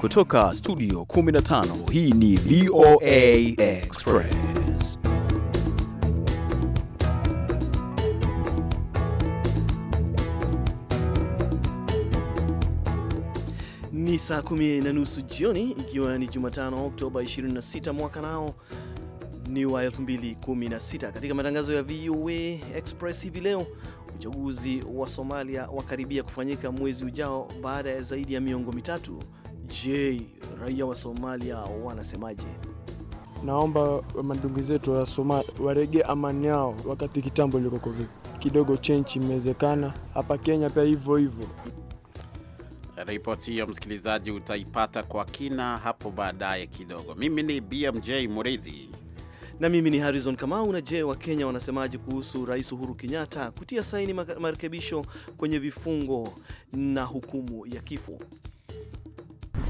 Kutoka studio 15 hii ni VOA Express. Ni saa kumi na nusu jioni ikiwa ni Jumatano Oktoba 26 mwaka nao ni wa 2016. Katika matangazo ya VOA Express hivi leo, uchaguzi wa Somalia wakaribia kufanyika mwezi ujao baada ya zaidi ya miongo mitatu Je, raia wa Somalia wanasemaje? Naomba mandugu zetu wa Somalia warege amani yao, wakati kitambo ilikoko vipi kidogo chenchi imewezekana hapa Kenya pia hivyo hivyo. Ripoti hiyo msikilizaji, utaipata kwa kina hapo baadaye kidogo. Mimi ni BMJ Muridhi na mimi ni Harrison Kamau. Na je, kenya wanasemaje kuhusu Rais Uhuru Kenyatta kutia saini marekebisho kwenye vifungo na hukumu ya kifo?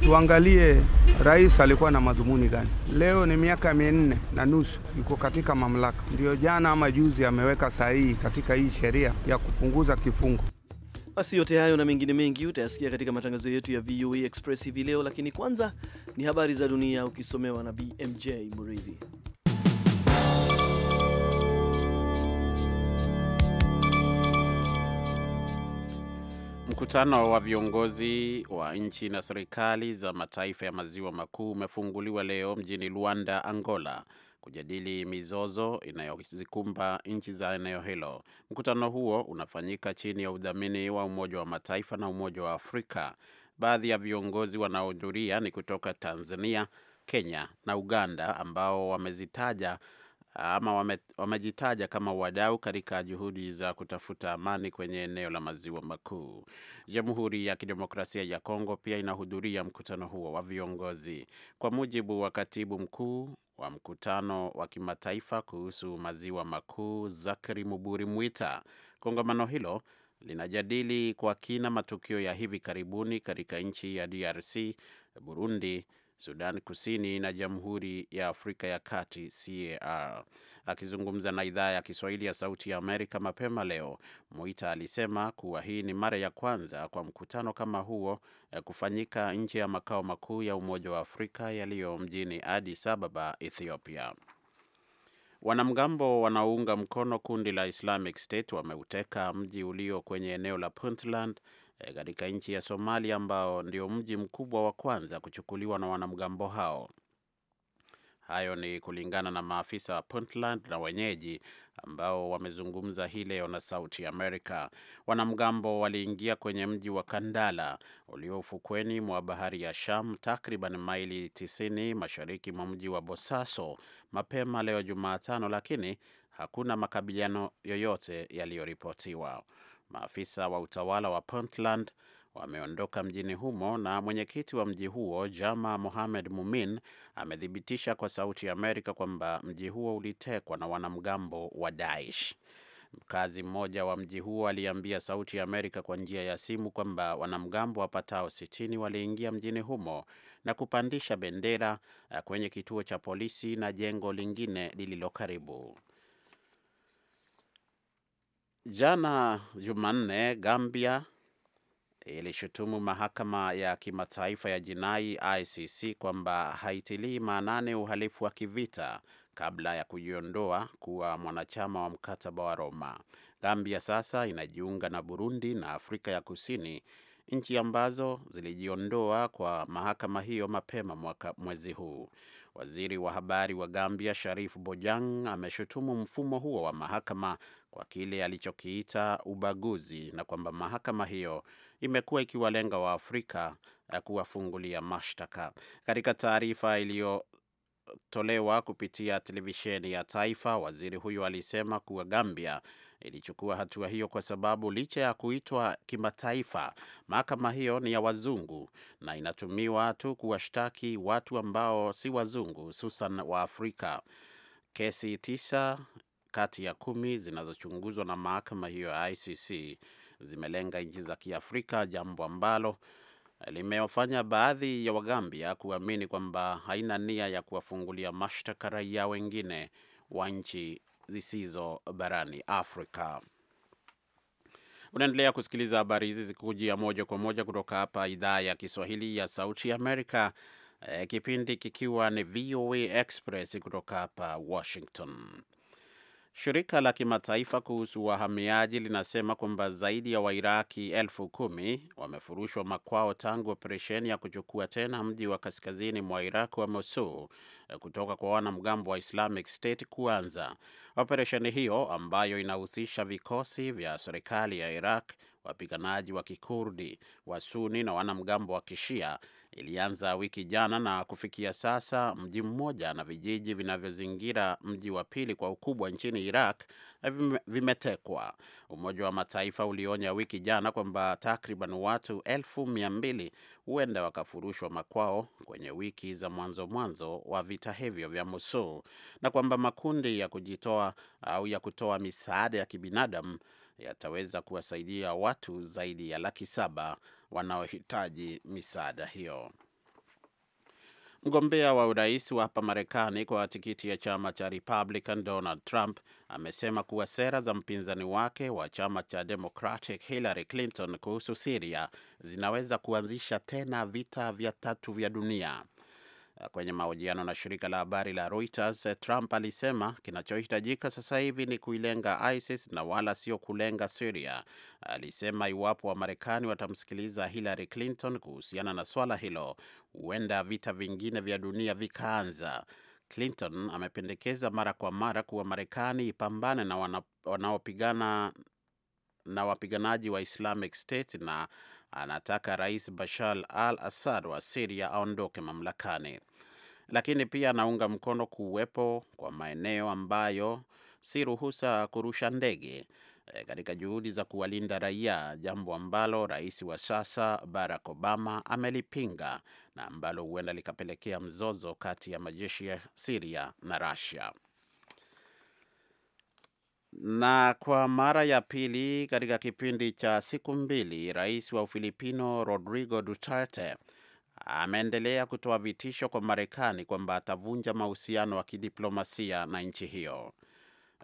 tuangalie rais alikuwa na madhumuni gani? Leo ni miaka minne na nusu yuko katika mamlaka, ndiyo jana ama juzi ameweka sahihi katika hii sheria ya kupunguza kifungo. Basi yote hayo na mengine mengi utayasikia katika matangazo yetu ya VOA e Express hivi leo, lakini kwanza ni habari za dunia ukisomewa na BMJ Muridhi. Mkutano wa viongozi wa nchi na serikali za mataifa ya maziwa makuu umefunguliwa leo mjini Luanda, Angola, kujadili mizozo inayozikumba nchi za eneo hilo. Mkutano huo unafanyika chini ya udhamini wa Umoja wa Mataifa na Umoja wa Afrika. Baadhi ya viongozi wanaohudhuria ni kutoka Tanzania, Kenya na Uganda, ambao wamezitaja ama wame, wamejitaja kama wadau katika juhudi za kutafuta amani kwenye eneo la maziwa makuu. Jamhuri ya Kidemokrasia ya Kongo pia inahudhuria mkutano huo wa viongozi. Kwa mujibu wa katibu mkuu wa mkutano wa kimataifa kuhusu maziwa makuu Zakari Muburi Mwita, kongamano hilo linajadili kwa kina matukio ya hivi karibuni katika nchi ya DRC, Burundi, Sudan Kusini na Jamhuri ya Afrika ya Kati CAR. Akizungumza na idhaa ya Kiswahili ya Sauti ya Amerika mapema leo, Mwita alisema kuwa hii ni mara ya kwanza kwa mkutano kama huo eh, kufanyika nje ya makao makuu ya Umoja wa Afrika yaliyo mjini Addis Ababa, Ethiopia. Wanamgambo wanaounga mkono kundi la Islamic State wameuteka mji ulio kwenye eneo la Puntland Eh, katika e, nchi ya Somalia ambao ndio mji mkubwa wa kwanza kuchukuliwa na wanamgambo hao. Hayo ni kulingana na maafisa wa Puntland na wenyeji ambao wamezungumza hii leo na Sauti Amerika. Wanamgambo waliingia kwenye mji wa Kandala ulio ufukweni mwa bahari ya Sham, takriban maili 90 mashariki mwa mji wa Bosaso mapema leo Jumatano, lakini hakuna makabiliano yoyote yaliyoripotiwa. Maafisa wa utawala wa Puntland wameondoka mjini humo na mwenyekiti wa mji huo Jama Mohamed Mumin amethibitisha kwa Sauti ya Amerika kwamba mji huo ulitekwa na wanamgambo wa Daesh. Mkazi mmoja wa mji huo aliambia Sauti ya Amerika kwa njia ya simu kwamba wanamgambo wapatao sitini waliingia mjini humo na kupandisha bendera eh, kwenye kituo cha polisi na jengo lingine lililo karibu. Jana Jumanne, Gambia ilishutumu mahakama ya kimataifa ya jinai ICC kwamba haitilii maanane uhalifu wa kivita kabla ya kujiondoa kuwa mwanachama wa mkataba wa Roma. Gambia sasa inajiunga na Burundi na Afrika ya Kusini, nchi ambazo zilijiondoa kwa mahakama hiyo mapema mwaka mwezi huu. Waziri wa habari wa Gambia Sharif Bojang ameshutumu mfumo huo wa mahakama kwa kile alichokiita ubaguzi na kwamba mahakama hiyo imekuwa ikiwalenga Waafrika eh, kuwafungulia mashtaka. Katika taarifa iliyotolewa kupitia televisheni ya taifa, waziri huyo alisema kuwa Gambia ilichukua hatua hiyo kwa sababu licha ya kuitwa kimataifa, mahakama hiyo ni ya wazungu na inatumiwa tu kuwashtaki watu ambao si wazungu, hususan wa afrika Kesi tisa kati ya kumi zinazochunguzwa na mahakama hiyo ya ICC zimelenga nchi za Kiafrika, jambo ambalo limewafanya baadhi ya Wagambia kuamini kwamba haina nia ya kuwafungulia mashtaka raia wengine wa nchi zisizo barani Afrika. Unaendelea kusikiliza habari hizi zikujia moja kwa moja kutoka hapa idhaa ya Kiswahili ya Sauti ya Amerika, eh, kipindi kikiwa ni VOA Express kutoka hapa Washington. Shirika la kimataifa kuhusu wahamiaji linasema kwamba zaidi ya Wairaki elfu kumi wamefurushwa makwao tangu operesheni ya kuchukua tena mji wa kaskazini mwa Iraq wa Mosul eh, kutoka kwa wanamgambo wa Islamic State kuanza. Operesheni hiyo ambayo inahusisha vikosi vya serikali ya Iraq, wapiganaji wa Kikurdi, Wasuni na wanamgambo wa Kishia ilianza wiki jana na kufikia sasa mji mmoja na vijiji vinavyozingira mji wa pili kwa ukubwa nchini Iraq vimetekwa. Umoja wa Mataifa ulionya wiki jana kwamba takriban watu elfu mia mbili huenda wakafurushwa makwao kwenye wiki za mwanzo mwanzo wa vita hivyo vya Mosul na kwamba makundi ya kujitoa au ya kutoa misaada ya kibinadamu yataweza kuwasaidia watu zaidi ya laki saba wanaohitaji misaada hiyo. Mgombea wa urais wa hapa Marekani kwa tikiti ya chama cha Republican Donald Trump amesema kuwa sera za mpinzani wake wa chama cha Democratic Hillary Clinton kuhusu Siria zinaweza kuanzisha tena vita vya tatu vya dunia. Kwenye mahojiano na shirika la habari la Reuters, Trump alisema kinachohitajika sasa hivi ni kuilenga ISIS na wala sio kulenga Syria. Alisema iwapo Wamarekani watamsikiliza Hillary Clinton kuhusiana na swala hilo, huenda vita vingine vya dunia vikaanza. Clinton amependekeza mara kwa mara kuwa Marekani ipambane na wanaopigana na wapiganaji wa Islamic State na anataka Rais Bashar al-Assad wa siria aondoke mamlakani lakini pia anaunga mkono kuwepo kwa maeneo ambayo si ruhusa kurusha ndege e, katika juhudi za kuwalinda raia, jambo ambalo rais wa sasa Barack Obama amelipinga na ambalo huenda likapelekea mzozo kati ya majeshi ya Siria na Rusia. Na kwa mara ya pili katika kipindi cha siku mbili, rais wa Ufilipino Rodrigo Duterte ameendelea kutoa vitisho kwa Marekani kwamba atavunja mahusiano ya kidiplomasia na nchi hiyo.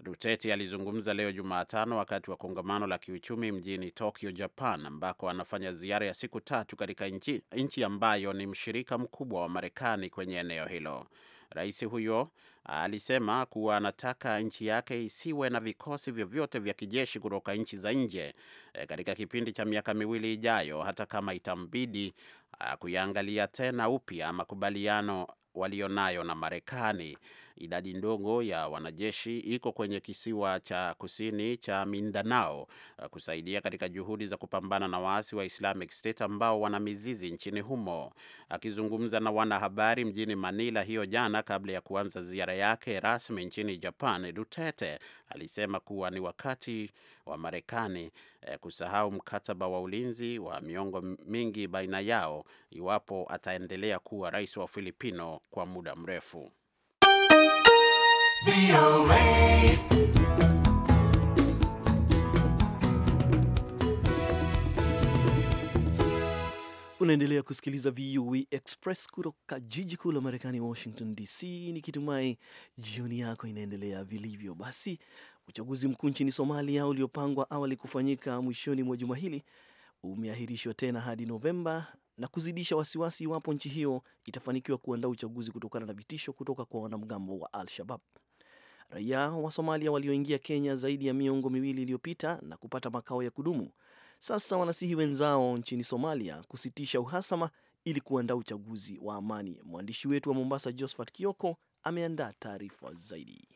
Duterte alizungumza leo Jumatano wakati wa kongamano la kiuchumi mjini Tokyo, Japan, ambako anafanya ziara ya siku tatu katika nchi, nchi ambayo ni mshirika mkubwa wa Marekani kwenye eneo hilo. Rais huyo alisema kuwa anataka nchi yake isiwe na vikosi vyovyote vya kijeshi kutoka nchi za nje eh, katika kipindi cha miaka miwili ijayo, hata kama itambidi, Ah, kuyaangalia tena upya makubaliano walionayo na Marekani. Idadi ndogo ya wanajeshi iko kwenye kisiwa cha kusini cha Mindanao ah, kusaidia katika juhudi za kupambana na waasi wa Islamic State ambao wana mizizi nchini humo. Akizungumza na wanahabari mjini Manila hiyo jana, kabla ya kuanza ziara yake rasmi nchini Japan, Duterte alisema kuwa ni wakati wa Marekani eh, kusahau mkataba wa ulinzi wa miongo mingi baina yao iwapo ataendelea kuwa rais wa Filipino kwa muda mrefu. Unaendelea kusikiliza VOA e Express kutoka jiji kuu la Marekani, Washington DC, nikitumai jioni yako inaendelea vilivyo. Basi Uchaguzi mkuu nchini Somalia uliopangwa awali kufanyika mwishoni mwa juma hili umeahirishwa tena hadi Novemba na kuzidisha wasiwasi iwapo nchi hiyo itafanikiwa kuandaa uchaguzi kutokana na vitisho kutoka kwa wanamgambo wa Al-Shabab. Raia wa Somalia walioingia Kenya zaidi ya miongo miwili iliyopita na kupata makao ya kudumu sasa wanasihi wenzao nchini Somalia kusitisha uhasama ili kuandaa uchaguzi wa amani. Mwandishi wetu wa Mombasa, Josephat Kioko, ameandaa taarifa zaidi.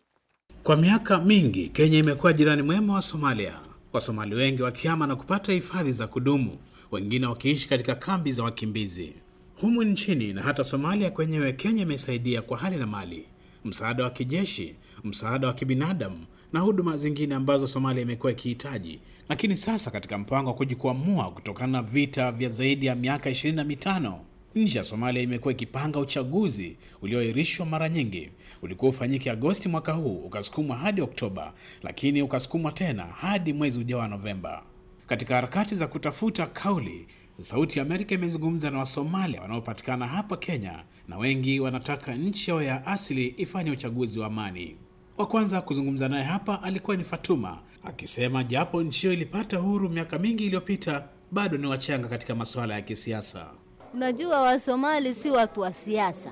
Kwa miaka mingi Kenya imekuwa jirani mwema wa Somalia, Wasomali wengi wakihama na kupata hifadhi za kudumu, wengine wakiishi katika kambi za wakimbizi humu nchini na hata Somalia kwenyewe. Kenya imesaidia kwa hali na mali, msaada wa kijeshi, msaada wa kibinadamu na huduma zingine ambazo Somalia imekuwa ikihitaji. Lakini sasa katika mpango wa kujikwamua kutokana na vita vya zaidi ya miaka 25 Nchi ya Somalia imekuwa ikipanga uchaguzi ulioahirishwa mara nyingi. Ulikuwa ufanyike Agosti mwaka huu, ukasukumwa hadi Oktoba, lakini ukasukumwa tena hadi mwezi ujao wa Novemba. Katika harakati za kutafuta kauli, Sauti ya Amerika imezungumza na Wasomalia wanaopatikana hapa Kenya, na wengi wanataka nchi yao ya asili ifanye uchaguzi wa amani. Wa kwanza kuzungumza naye hapa alikuwa ni Fatuma, akisema japo nchi hiyo ilipata uhuru miaka mingi iliyopita, bado ni wachanga katika masuala ya kisiasa. Unajua, Wasomali si watu wa siasa,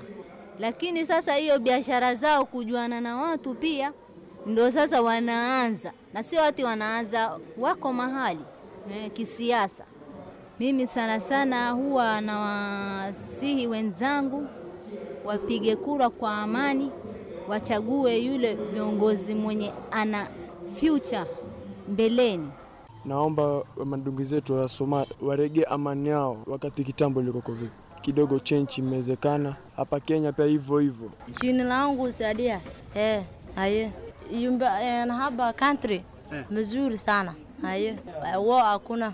lakini sasa hiyo biashara zao kujuana na watu pia ndo sasa wanaanza, na sio ati wanaanza, wako mahali eh, kisiasa. Mimi sana sana huwa nawasihi wenzangu wapige kura kwa amani, wachague yule viongozi mwenye ana future mbeleni. Naomba mandugu zetu wa Somalia warege amani yao, wakati kitambo ilikoko vipi kidogo chenchi imewezekana hapa Kenya pia hivyo hivyo. chini langu Sadia. Eh, aye. Yumba eh, na hapa country eh. mzuri sana. Aye. Wao hakuna.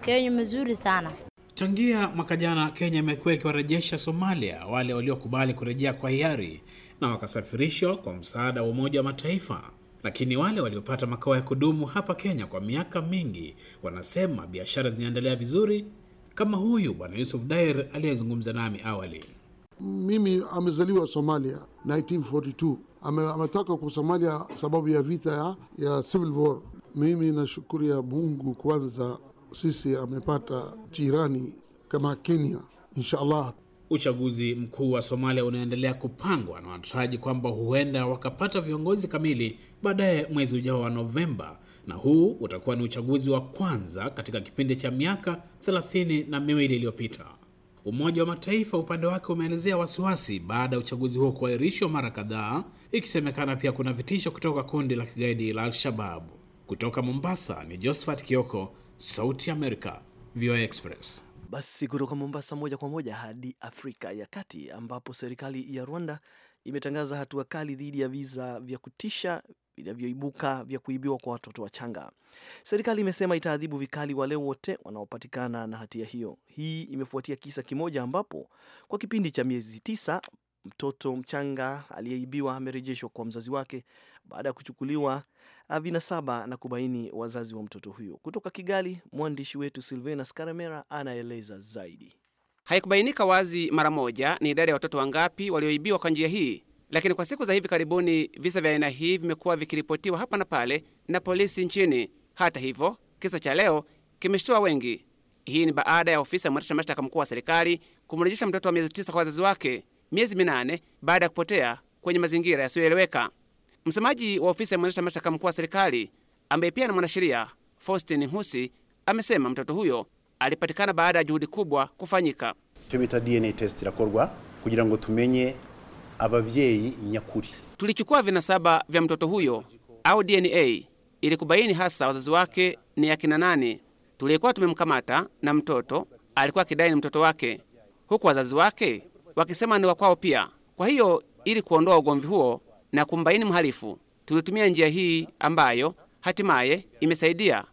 Kenya mzuri sana. changia mwaka jana Kenya imekuwa ikiwarejesha Somalia wale waliokubali kurejea kwa hiari na wakasafirishwa kwa msaada wa Umoja wa Mataifa. Lakini wale waliopata makao ya kudumu hapa Kenya kwa miaka mingi wanasema biashara zinaendelea vizuri, kama huyu bwana Yusuf Dair aliyezungumza nami awali. Mimi amezaliwa Somalia 1942 ametaka ku Somalia sababu ya vita ya, ya civil war. Mimi nashukuru ya Mungu kwanza, sisi amepata jirani kama Kenya, inshallah Uchaguzi mkuu wa Somalia unaendelea kupangwa na wanataraji kwamba huenda wakapata viongozi kamili baadaye mwezi ujao wa Novemba, na huu utakuwa ni uchaguzi wa kwanza katika kipindi cha miaka thelathini na miwili iliyopita. Umoja wa Mataifa upande wake umeelezea wasiwasi baada ya uchaguzi huo kuahirishwa mara kadhaa, ikisemekana pia kuna vitisho kutoka kundi la kigaidi la Al-Shababu. Kutoka Mombasa ni Josephat Kioko, Sauti ya Amerika, VOA Express. Basi kutoka Mombasa moja kwa moja hadi Afrika ya Kati, ambapo serikali ya Rwanda imetangaza hatua kali dhidi ya visa vya kutisha vinavyoibuka vya kuibiwa kwa watoto wachanga. Serikali imesema itaadhibu vikali wale wote wanaopatikana na hatia hiyo. Hii imefuatia kisa kimoja ambapo kwa kipindi cha miezi tisa mtoto mchanga aliyeibiwa amerejeshwa kwa mzazi wake baada ya kuchukuliwa ah, vinasaba na kubaini wazazi wa mtoto huyo. Kutoka Kigali, mwandishi wetu silvena Karemera anaeleza zaidi. Haikubainika wazi mara moja ni idadi ya watoto wangapi walioibiwa kwa njia hii, lakini kwa siku za hivi karibuni visa vya aina hii vimekuwa vikiripotiwa hapa na pale na polisi nchini. Hata hivyo, kisa cha leo kimeshtua wengi. Hii ni baada ya ofisi ya mwendesha mashtaka mkuu wa serikali kumrejesha mtoto wa miezi tisa kwa wazazi wake, miezi minane baada ya kupotea kwenye mazingira yasiyoeleweka. Msemaji wa ofisi ya mwendesha mashtaka mkuu wa serikali ambaye pia ni mwanasheria Faustin Husi amesema mtoto huyo alipatikana baada ya juhudi kubwa kufanyika. Icyo bita DNA test irakorwa kugira ngo tumenye ababyeyi nyakuri. Tulichukua vinasaba vya mtoto huyo au DNA ili kubaini hasa wazazi wake ni akina nani. Tulikuwa tumemkamata na mtoto alikuwa akidai ni mtoto wake, huku wazazi wake wakisema ni wakwao pia. Kwa hiyo ili kuondoa ugomvi huo na kumbaini mhalifu. Tulitumia njia hii ambayo hatimaye imesaidia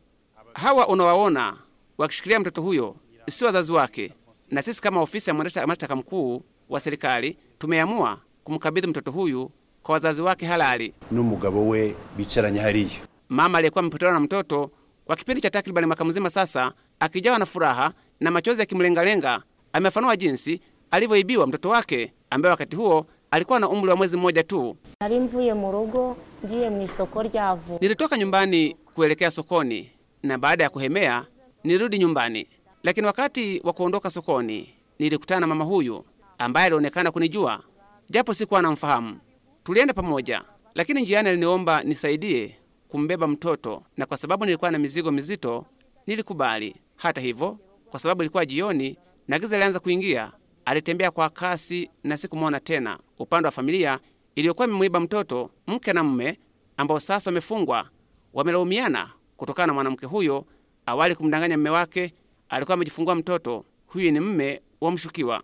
hawa unawaona wakishikilia mtoto huyo, si wazazi wake, na sisi kama ofisi ya mashtaka mkuu wa serikali tumeamua kumkabidhi mtoto huyu kwa wazazi wake halali. n'umugabo we bicaranye hariya. Mama aliyekuwa amepotelewa na mtoto kwa kipindi cha takribani mwaka mzima sasa, akijawa na furaha na machozi yakimlengalenga, amefanua jinsi alivyoibiwa mtoto wake ambaye wakati huo alikuwa na umri wa mwezi mmoja tu. nalimvuye murugo ndiye ngiye mu isoko ryavu. Nilitoka nyumbani kuelekea sokoni, na baada ya kuhemea nilirudi nyumbani, lakini wakati wa kuondoka sokoni nilikutana na mama huyu ambaye alionekana kunijua japo sikuwa namfahamu. Tulienda pamoja, lakini njiani aliniomba nisaidie kumbeba mtoto, na kwa sababu nilikuwa na mizigo mizito nilikubali. Hata hivyo, kwa sababu ilikuwa jioni na giza lilianza kuingia, Alitembea kwa kasi na sikumwona tena. Upande wa familia iliyokuwa imemwiba mtoto, mke na mume ambao sasa wamefungwa, wamelaumiana kutokana na mwanamke huyo awali kumdanganya mume wake alikuwa amejifungua mtoto. Huyu ni mume wa mshukiwa.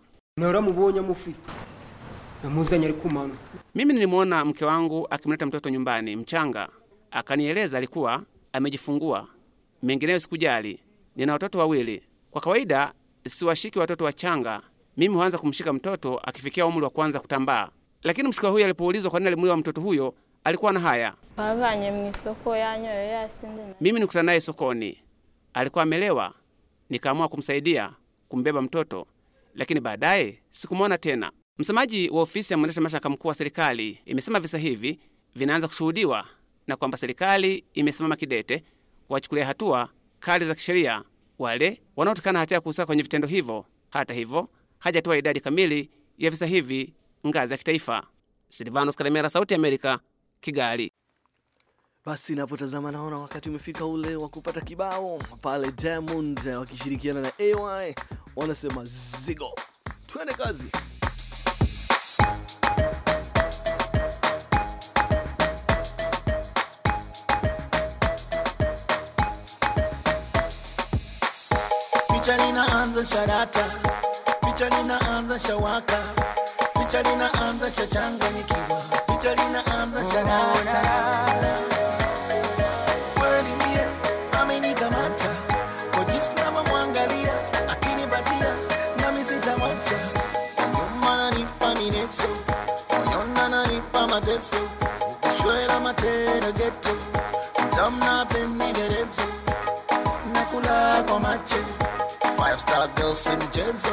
Mimi nilimwona mke wangu akimleta mtoto nyumbani mchanga, akanieleza alikuwa amejifungua. Mengineyo sikujali, nina watoto wawili. Kwa kawaida siwashiki watoto wachanga, mimi huanza kumshika mtoto akifikia umri wa kwanza kutambaa. Lakini mshikwa huyo alipoulizwa kwa nini alimuliwa mtoto huyo, alikuwa na haya, mimi nikutana naye sokoni, alikuwa amelewa, nikaamua kumsaidia kumbeba mtoto, lakini baadaye sikumwona tena. Msemaji wa ofisi ya mwendesha mashtaka mkuu wa serikali imesema visa hivi vinaanza kushuhudiwa na kwamba serikali imesimama kidete kuwachukulia hatua kali za kisheria wale wanaotokana hatia kuhusika kwenye vitendo hivyo. Hata hivyo hajatoa idadi kamili ya visa hivi ngazi ya kitaifa. Silvanos Karemera, Sauti ya Amerika, Kigali. Basi napotazama naona wakati umefika ule wa kupata kibao pale, Diamond wakishirikiana na AY wanasema zigo. Twende kazi. Picha linaanza sharata picha linaanza shawaka, picha linaanza shachanganyikiwa, picha linaanza sharata akinipatia nami sitawacha, mineso, moyona nanipa mateso, ukishwela matera geto, mtamna penibelezo, nakula kwa five star girls in Jersey.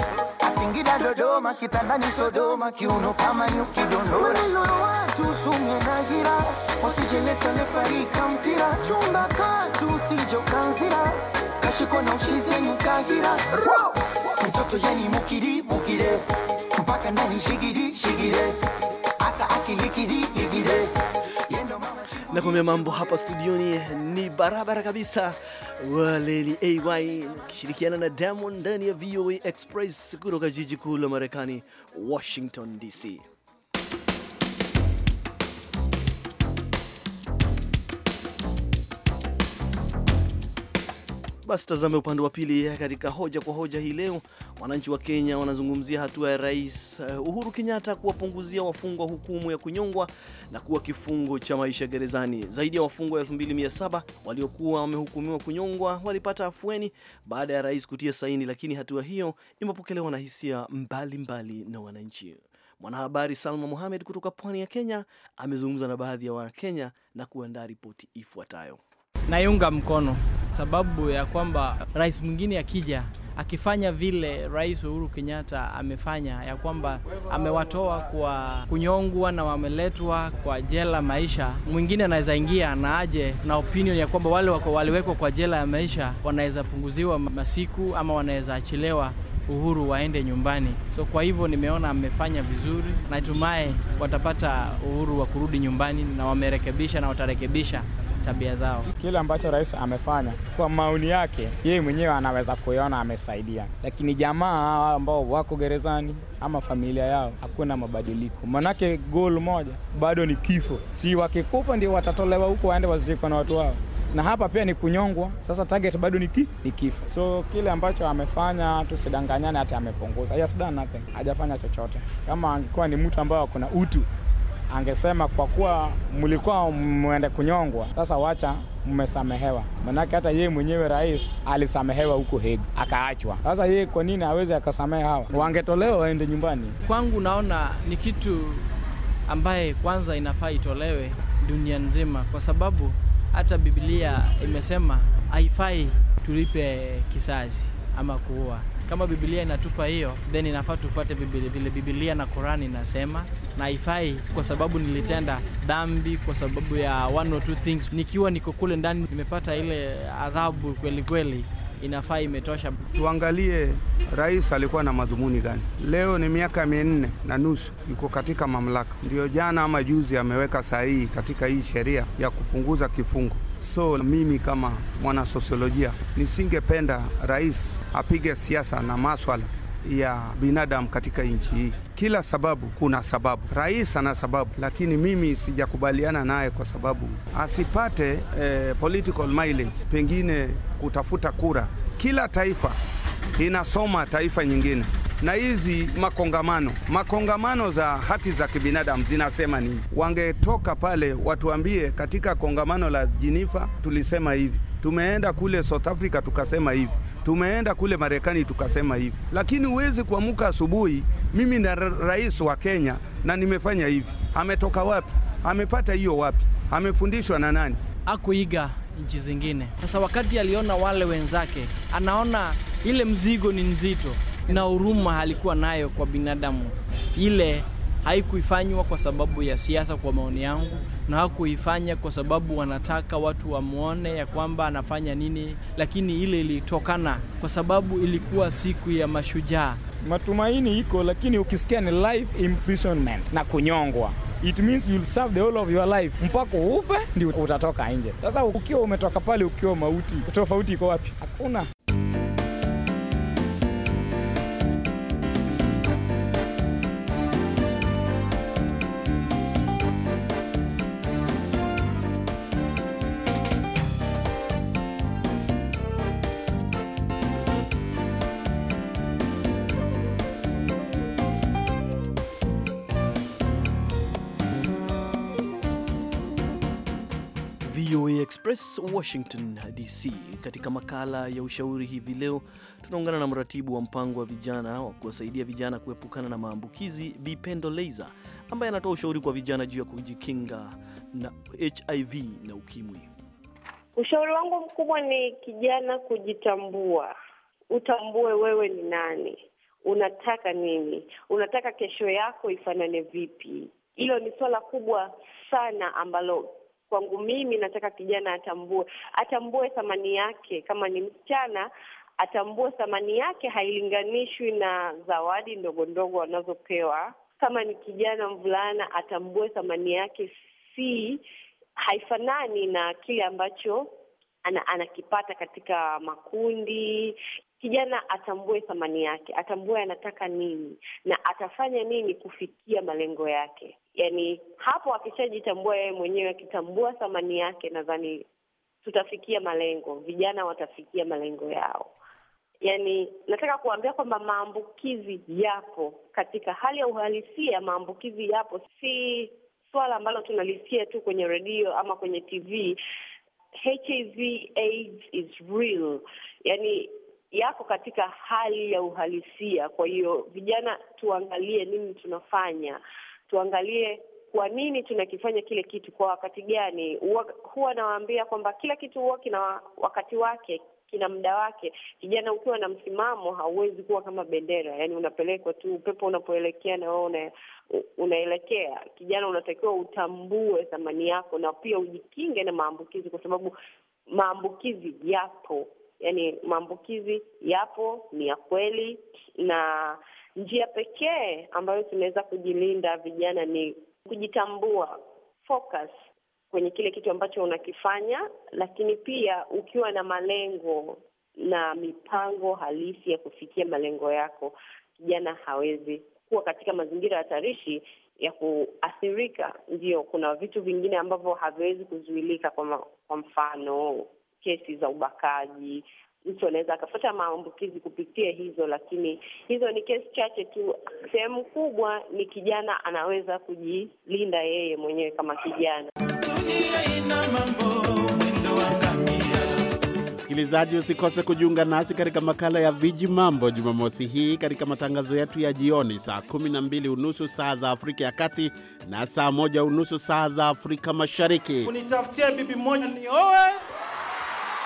Singida, Dodoma, kitandani Sodoma, kiuno kama nyuki dondora. Maneno watu sumu na ghira, wasijeleta lefarika mpira, chumba katu kanzira, kashiko na uchizi mutagira mtoto yani mukiri mukire, mpaka nani shigiri shigire, asa akili ligire Nakwambia mambo hapa studioni ni barabara kabisa. Wale ni AY kishirikiana na Diamond ndani ya VOA Express kutoka jiji kuu la Marekani, Washington DC. Basi tazame upande wa pili katika hoja kwa hoja hii leo. Wananchi wa Kenya wanazungumzia hatua ya Rais eh, Uhuru Kenyatta kuwapunguzia wafungwa hukumu ya kunyongwa na kuwa kifungo cha maisha gerezani. Zaidi ya wafungwa 2700 waliokuwa wamehukumiwa kunyongwa walipata afueni baada ya rais kutia saini, lakini hatua hiyo imepokelewa na hisia mbalimbali mbali na wananchi. Mwanahabari Salma Mohamed kutoka pwani ya Kenya amezungumza na baadhi ya Wakenya na kuandaa ripoti ifuatayo naiunga mkono sababu ya kwamba rais mwingine akija akifanya vile Rais Uhuru Kenyatta amefanya, ya kwamba amewatoa kwa kunyongwa na wameletwa kwa jela maisha. Mwingine anaweza ingia na aje na opinion ya kwamba wale waliwekwa kwa jela ya maisha wanaweza punguziwa masiku ama wanaweza achilewa uhuru waende nyumbani. So kwa hivyo nimeona amefanya vizuri, natumaye watapata uhuru wa kurudi nyumbani, na wamerekebisha na watarekebisha tabia zao. Kile ambacho rais amefanya, kwa maoni yake yeye mwenyewe anaweza kuiona amesaidia, lakini jamaa hawa ambao wako gerezani ama familia yao, hakuna mabadiliko. Manake goal moja bado ni kifo, si wakikufa ndio watatolewa huko waende wazikwa na watu wao na hapa pia ni kunyongwa. Sasa target bado ni ki, ni kifo. So kile ambacho amefanya, tusidanganyane, hata amepunguza. He ajafanya hajafanya chochote. Kama angekuwa ni mtu ambaye kuna utu angesema kwa kuwa mlikuwa mwende kunyongwa, sasa wacha mmesamehewa. Manake hata yeye mwenyewe rais alisamehewa huko Hague akaachwa. Sasa yeye kwa nini awezi akasamehe hawa? Wangetolewa waende nyumbani. Kwangu naona ni kitu ambaye kwanza inafaa itolewe dunia nzima, kwa sababu hata Biblia imesema haifai tulipe kisasi ama kuua. Kama Biblia inatupa hiyo, then inafaa tufuate vile Biblia na Korani inasema na haifai, kwa sababu nilitenda dhambi kwa sababu ya one or two things. Nikiwa niko kule ndani nimepata ile adhabu kweli kweli, inafaa imetosha. Tuangalie rais alikuwa na madhumuni gani? Leo ni miaka minne na nusu yuko katika mamlaka, ndiyo jana ama juzi ameweka sahihi katika hii sheria ya kupunguza kifungo. So mimi kama mwanasosiolojia nisingependa rais apige siasa na maswala ya binadamu katika nchi hii. Kila sababu kuna sababu, rais ana sababu, lakini mimi sijakubaliana naye kwa sababu asipate eh, political mileage, pengine kutafuta kura. Kila taifa inasoma taifa nyingine na hizi makongamano makongamano za haki za kibinadamu zinasema nini? Wangetoka pale watuambie, katika kongamano la Jinifa tulisema hivi, tumeenda kule South Africa tukasema hivi tumeenda kule Marekani tukasema hivi, lakini huwezi kuamuka asubuhi, mimi na rais wa Kenya na nimefanya hivi. Ametoka wapi? Amepata hiyo wapi? Amefundishwa na nani? Akuiga nchi zingine. Sasa wakati aliona wale wenzake, anaona ile mzigo ni mzito na huruma alikuwa nayo kwa binadamu, ile haikuifanywa kwa sababu ya siasa, kwa maoni yangu na hakuifanya kwa sababu wanataka watu wamwone ya kwamba anafanya nini, lakini ile ilitokana kwa sababu ilikuwa siku ya mashujaa. Matumaini iko, lakini ukisikia ni life imprisonment na kunyongwa It means you'll serve the whole of your life mpaka ufe ndio utatoka nje. Sasa ukiwa umetoka pale ukiwa mauti, tofauti iko wapi? Hakuna. Express Washington DC. Katika makala ya ushauri hivi leo tunaungana na mratibu wa mpango wa vijana wa kuwasaidia vijana kuepukana na maambukizi Bipendo Leiza ambaye anatoa ushauri kwa vijana juu ya kujikinga na HIV na ukimwi. Ushauri wangu mkubwa ni kijana kujitambua. Utambue wewe ni nani, unataka nini, unataka kesho yako ifanane vipi. Hilo ni swala kubwa sana ambalo kwangu mimi nataka kijana atambue, atambue thamani yake. Kama ni msichana, atambue thamani yake hailinganishwi na zawadi ndogo ndogo wanazopewa. Kama ni kijana mvulana, atambue thamani yake si haifanani na kile ambacho ana, anakipata katika makundi kijana atambue thamani yake, atambue anataka nini na atafanya nini kufikia malengo yake. Yani hapo akishajitambua yeye mwenyewe, akitambua thamani yake, nadhani tutafikia malengo, vijana watafikia malengo yao. Yani nataka kuambia kwamba maambukizi yapo katika hali ya uhalisia, maambukizi yapo, si swala ambalo tunalisikia tu kwenye redio ama kwenye TV. HIV AIDS is real, yani yako katika hali ya uhalisia. Kwa hiyo vijana, tuangalie nini tunafanya, tuangalie kwa nini tunakifanya kile kitu, kwa wakati gani. Huwa nawaambia kwamba kila kitu huwa kina wakati wake, kina muda wake. Kijana ukiwa na msimamo hauwezi kuwa kama bendera, yani unapelekwa tu, upepo unapoelekea na wewe una, unaelekea. Kijana unatakiwa utambue thamani yako na pia ujikinge na maambukizi, kwa sababu maambukizi yapo yani maambukizi yapo, ni ya kweli, na njia pekee ambayo tunaweza kujilinda vijana ni kujitambua, focus kwenye kile kitu ambacho unakifanya, lakini pia ukiwa na malengo na mipango halisi ya kufikia malengo yako, kijana hawezi kuwa katika mazingira hatarishi ya kuathirika. Ndio, kuna vitu vingine ambavyo haviwezi kuzuilika, kwa mfano kesi za ubakaji. Mtu anaweza akapata maambukizi kupitia hizo, lakini hizo ni kesi chache tu. Sehemu kubwa ni kijana anaweza kujilinda yeye mwenyewe kama kijana. Msikilizaji, usikose kujiunga nasi katika makala ya Viji Mambo Jumamosi hii katika matangazo yetu ya jioni saa kumi na mbili unusu saa za Afrika ya Kati na saa moja unusu saa za Afrika Mashariki. Unitafutie bibi moja nioe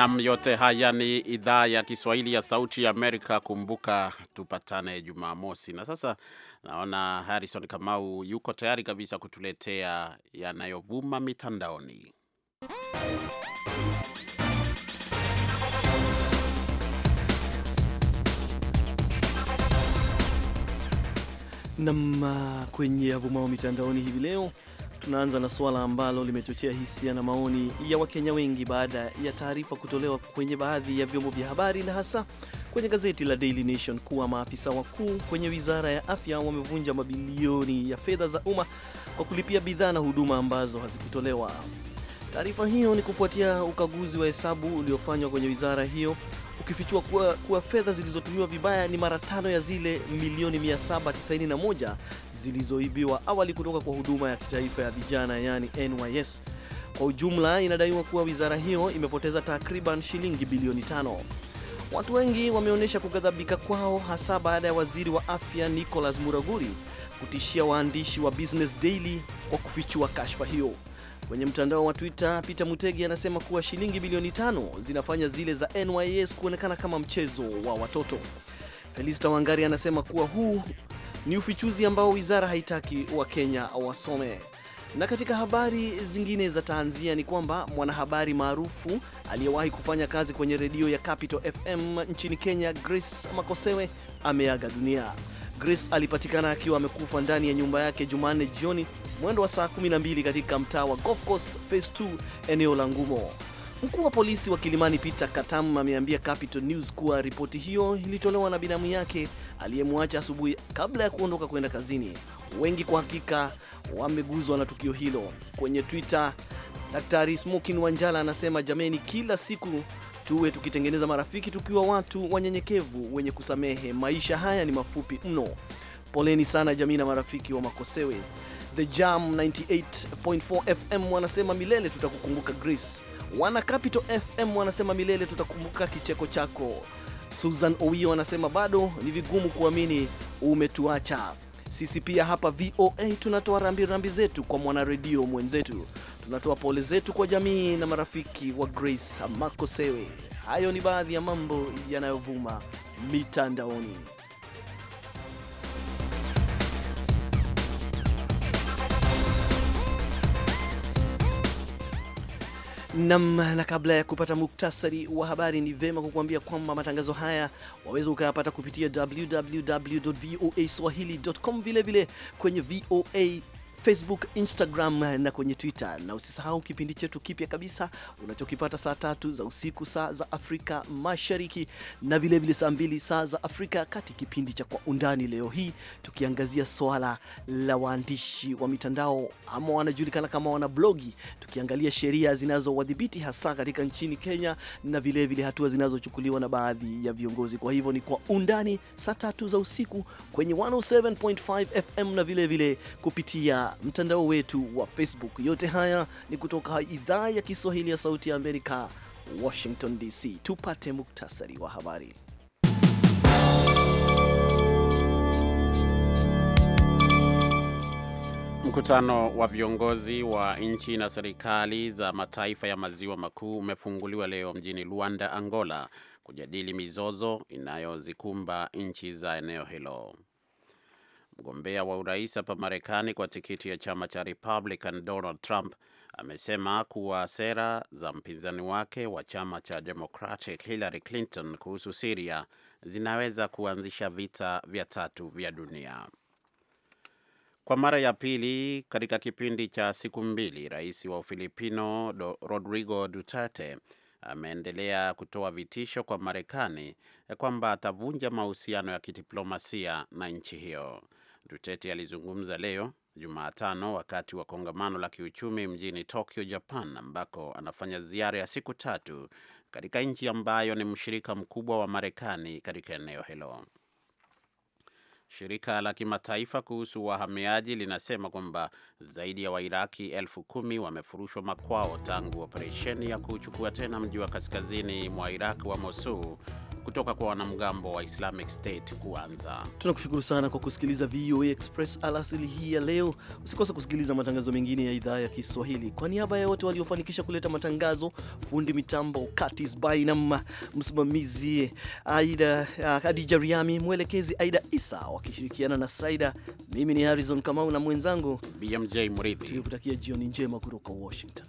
Nam, yote haya ni idhaa ya Kiswahili ya Sauti ya Amerika. Kumbuka tupatane Jumamosi. Na sasa naona Harrison Kamau yuko tayari kabisa kutuletea yanayovuma mitandaoni. Nam, kwenye avumao mitandaoni hivi leo Tunaanza na suala ambalo limechochea hisia na maoni ya Wakenya wengi baada ya taarifa kutolewa kwenye baadhi ya vyombo vya habari na hasa kwenye gazeti la Daily Nation kuwa maafisa wakuu kwenye wizara ya afya wamevunja mabilioni ya fedha za umma kwa kulipia bidhaa na huduma ambazo hazikutolewa. Taarifa hiyo ni kufuatia ukaguzi wa hesabu uliofanywa kwenye wizara hiyo ukifichua kuwa, kuwa fedha zilizotumiwa vibaya ni mara tano ya zile milioni 791 zilizoibiwa awali kutoka kwa huduma ya kitaifa ya vijana yani NYS. Kwa ujumla, inadaiwa kuwa wizara hiyo imepoteza takriban shilingi bilioni tano. Watu wengi wameonyesha kughadhabika kwao hasa baada ya waziri wa afya Nicholas Muraguri kutishia waandishi wa Business Daily kwa kufichua kashfa hiyo. Kwenye mtandao wa Twitter, Peter Mutegi anasema kuwa shilingi bilioni tano zinafanya zile za NYS kuonekana kama mchezo wa watoto. Felista Wangari anasema kuwa huu ni ufichuzi ambao wizara haitaki Wakenya wasome. Na katika habari zingine za tanzia ni kwamba mwanahabari maarufu aliyewahi kufanya kazi kwenye redio ya Capital FM nchini Kenya, Grace Makosewe ameaga dunia. Grace alipatikana akiwa amekufa ndani ya nyumba yake Jumanne jioni mwendo wa saa 12 katika mtaa wa Golf Course Phase 2 eneo la Ngumo. Mkuu wa polisi wa Kilimani Peter Katam ameambia Capital News kuwa ripoti hiyo ilitolewa na binamu yake aliyemwacha asubuhi kabla ya kuondoka kwenda kazini. Wengi kwa hakika wameguzwa na tukio hilo. Kwenye Twitter, Daktari Smokin Wanjala anasema jameni, kila siku tuwe tukitengeneza marafiki tukiwa watu wanyenyekevu wenye kusamehe. Maisha haya ni mafupi mno. Poleni sana jamii na marafiki wa Makosewe. The Jam 98.4 FM wanasema milele tutakukumbuka Grace. Wana Capital FM wanasema milele tutakumbuka kicheko chako. Susan Owio anasema bado ni vigumu kuamini umetuacha. Sisi pia hapa VOA tunatoa rambi rambi zetu kwa mwanaredio mwenzetu, tunatoa pole zetu kwa jamii na marafiki wa Grace Makosewe. Hayo ni baadhi ya mambo yanayovuma mitandaoni. Nam, na kabla ya kupata muktasari wa habari, ni vema kukuambia kwamba matangazo haya waweza ukayapata kupitia www.voaswahili.com, vilevile kwenye VOA Facebook, Instagram eh, na kwenye Twitter. Na usisahau kipindi chetu kipya kabisa unachokipata saa tatu za usiku saa za Afrika Mashariki na vilevile saa mbili saa za Afrika Kati, kipindi cha Kwa Undani. Leo hii tukiangazia swala la waandishi wa mitandao ama wanajulikana kama wanablogi, tukiangalia sheria zinazowadhibiti hasa katika nchini Kenya na vilevile hatua zinazochukuliwa na baadhi ya viongozi. Kwa hivyo ni Kwa Undani saa tatu za usiku kwenye 107.5 FM na vilevile kupitia mtandao wetu wa Facebook. Yote haya ni kutoka idhaa ya Kiswahili ya Sauti ya Amerika, Washington DC. Tupate muktasari wa habari. Mkutano wa viongozi wa nchi na serikali za mataifa ya maziwa makuu umefunguliwa leo mjini Luanda, Angola, kujadili mizozo inayozikumba nchi za eneo hilo mgombea wa urais hapa Marekani kwa tikiti ya chama cha Republican Donald Trump amesema kuwa sera za mpinzani wake wa chama cha Democratic Hillary Clinton kuhusu Siria zinaweza kuanzisha vita vya tatu vya dunia. Kwa mara ya pili katika kipindi cha siku mbili, rais wa Ufilipino Rodrigo Duterte ameendelea kutoa vitisho kwa Marekani eh, kwamba atavunja mahusiano ya kidiplomasia na nchi hiyo. Duterte alizungumza leo Jumatano wakati wa kongamano la kiuchumi mjini Tokyo, Japan, ambako anafanya ziara ya siku tatu katika nchi ambayo ni mshirika mkubwa wa Marekani katika eneo hilo. Shirika la kimataifa kuhusu wahamiaji linasema kwamba zaidi ya Wairaki elfu kumi wamefurushwa makwao tangu operesheni ya kuchukua tena mji wa kaskazini mwa Iraq wa Mosul kutoka kwa wanamgambo wa Islamic State kuanza. Tunakushukuru sana kwa kusikiliza VOA Express alasili hii ya leo. Usikose kusikiliza matangazo mengine ya idhaa ya Kiswahili. Kwa niaba ya wote waliofanikisha kuleta matangazo, fundi mitambo Katis Bainam, msimamizi Aida uh, Khadija Riami, mwelekezi Aida Isa, wakishirikiana na Saida, mimi ni Harrison Kamau na mwenzangu BMJ Mridhi, tukikutakia jioni njema kutoka Washington.